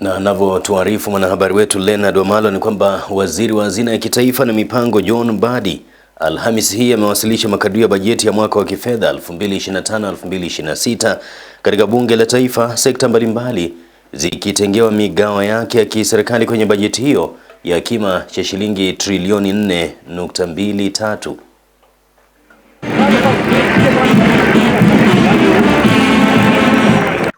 Na anavyotuarifu mwanahabari wetu Leonard Wamalo ni kwamba waziri wa hazina ya kitaifa na mipango John Mbadi Alhamis hii amewasilisha makadirio ya bajeti ya mwaka wa kifedha 2025-2026 katika bunge la taifa, sekta mbalimbali zikitengewa migawa yake ya kiserikali kwenye bajeti hiyo ya kima cha shilingi trilioni 4.23.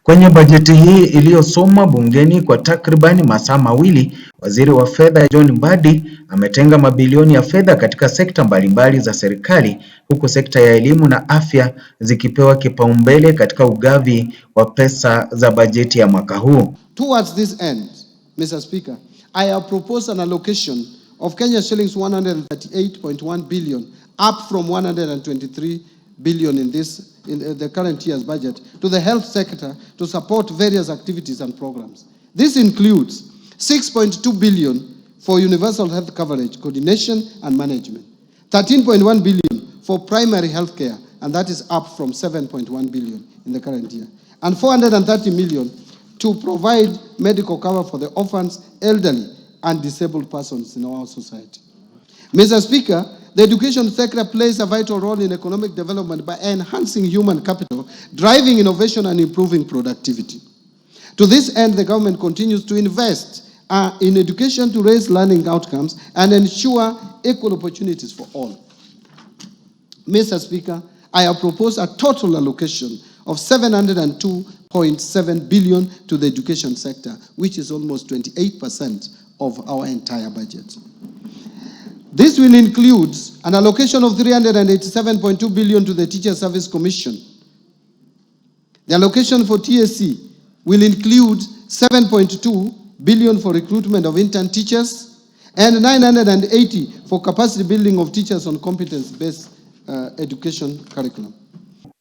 Kwenye bajeti hii iliyosomwa bungeni kwa takribani masaa mawili, waziri wa fedha John Mbadi ametenga mabilioni ya fedha katika sekta mbalimbali za serikali, huku sekta ya elimu na afya zikipewa kipaumbele katika ugavi wa pesa za bajeti ya mwaka huu. Towards this end, Mr. Speaker, I have proposed an allocation of Kenya shillings 138.1 billion up from 123 billion in this in uh, the current year's budget to the health sector to support various activities and programs. This includes 6.2 billion for universal health coverage, coordination and management, 13.1 billion for primary health care, and that is up from 7.1 billion in the current year, and 430 million to provide medical cover for the orphans, elderly, and disabled persons in our society. Mr. Speaker, the education sector plays a vital role in economic development by enhancing human capital, driving innovation and improving productivity. To this end, the government continues to invest uh, in education to raise learning outcomes and ensure equal opportunities for all. Mr. Speaker, I have proposed a total allocation of 702.7 billion to the education sector, which is almost 28% of our entire budget. This will include an allocation of 387.2 billion to the Teacher Service Commission. The allocation for TSC will include 7.2 billion for recruitment of intern teachers and 980 for capacity building of teachers on competence-based uh, education curriculum.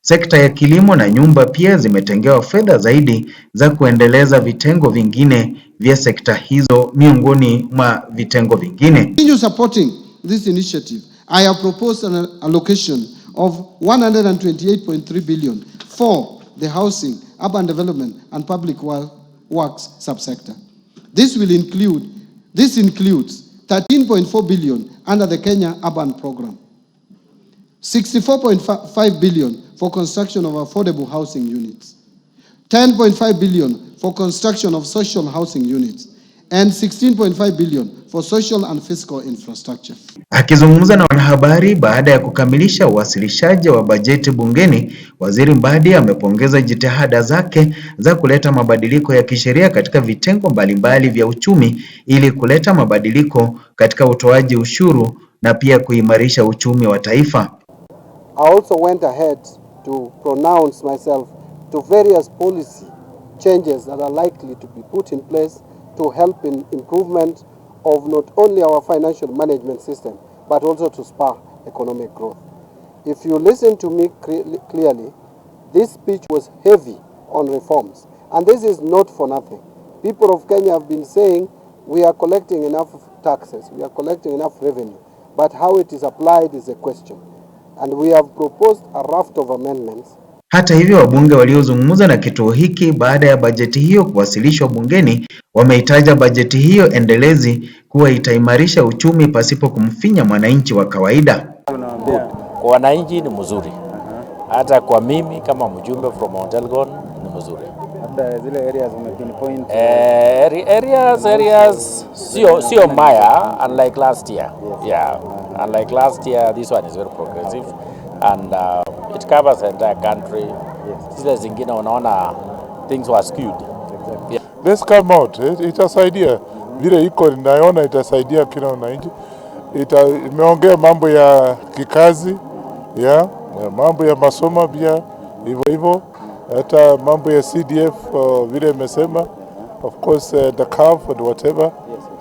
Sekta ya kilimo na nyumba pia zimetengewa fedha zaidi za kuendeleza vitengo vingine vya sekta hizo miongoni mwa vitengo vingine. Continue supporting this initiative, I have proposed an allocation of 128.3 billion for the housing, urban development, and public works subsector. This will include, this includes 13.4 billion under the Kenya Urban Program, 64.5 billion for construction of affordable housing units, 10.5 billion for construction of social housing units, and 16.5 billion for social and fiscal infrastructure. Akizungumza na wanahabari baada ya kukamilisha uwasilishaji wa bajeti bungeni, Waziri Mbadi amepongeza jitihada zake za kuleta mabadiliko ya kisheria katika vitengo mbalimbali vya uchumi ili kuleta mabadiliko katika utoaji ushuru na pia kuimarisha uchumi wa taifa. I also went ahead to pronounce myself to various policy changes that are likely to be put in place to help in improvement of not only our financial management system, but also to spur economic growth. If you listen to me clearly, this speech was heavy on reforms. And this is not for nothing. People of Kenya have been saying we are collecting enough taxes, we are collecting enough revenue, but how it is applied is a question. And we have proposed a raft of amendments Hata hivyo wabunge waliozungumza na kituo hiki baada ya bajeti hiyo kuwasilishwa bungeni wameitaja bajeti hiyo endelezi kuwa itaimarisha uchumi pasipo kumfinya mwananchi wa kawaida. Kwa wananchi ni mzuri, hata kwa mimi kama mjumbe from Mount Elgon ni mzuri. Hata zile areas wamepinpoint eh, areas areas sio sio mbaya unlike last year. Yeah, unlike last year this one is very progressive and uh, it covers the entire country. Yes. zingine unaona things were skewed. Exactly. Yeah. Let's come out. Itasaidia vile iko naona itasaidia kila wananchi. Ita, imeongea mambo ya kikazi ya yeah, mambo ya masomo pia hivyo hivyo, hata mambo ya CDF uh, vile imesema of course uh, the calf and whatever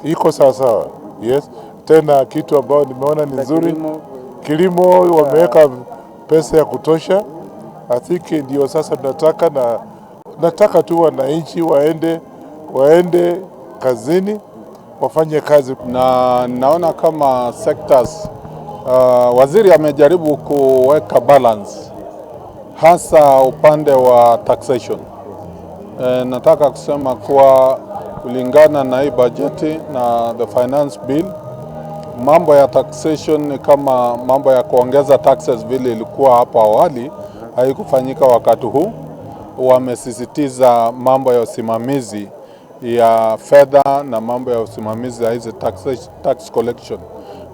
iko sawasawa. Yes, tena kitu ambao nimeona ni nzuri, kilimo wameweka pesa ya kutosha. I think ndio sasa tunataka, na nataka tu wananchi waende waende kazini wafanye kazi, na naona kama sectors uh, waziri amejaribu kuweka balance hasa upande wa taxation. E, nataka kusema kuwa kulingana na hii bajeti na the finance bill mambo ya taxation kama mambo ya kuongeza taxes vile ilikuwa hapo awali haikufanyika wakati huu. Wamesisitiza mambo ya usimamizi ya fedha na mambo ya usimamizi ya hizi tax, tax collection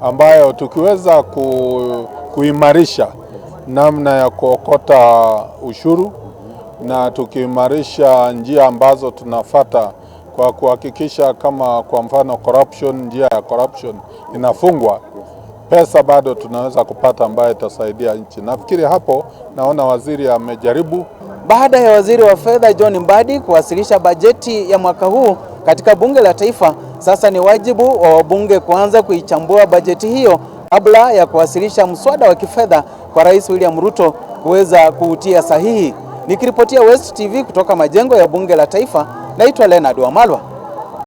ambayo tukiweza ku, kuimarisha namna ya kuokota ushuru na tukiimarisha njia ambazo tunafata kwa kuhakikisha kama kwa mfano corruption, njia ya corruption inafungwa, pesa bado tunaweza kupata ambayo itasaidia nchi. Nafikiri hapo naona waziri amejaribu. Baada ya waziri wa fedha John Mbadi kuwasilisha bajeti ya mwaka huu katika bunge la taifa, sasa ni wajibu wa wabunge kuanza kuichambua bajeti hiyo kabla ya kuwasilisha mswada wa kifedha kwa Rais William Ruto kuweza kuutia sahihi. Nikiripotia West TV kutoka majengo ya bunge la taifa. Naitwa Leonard Wamalwa.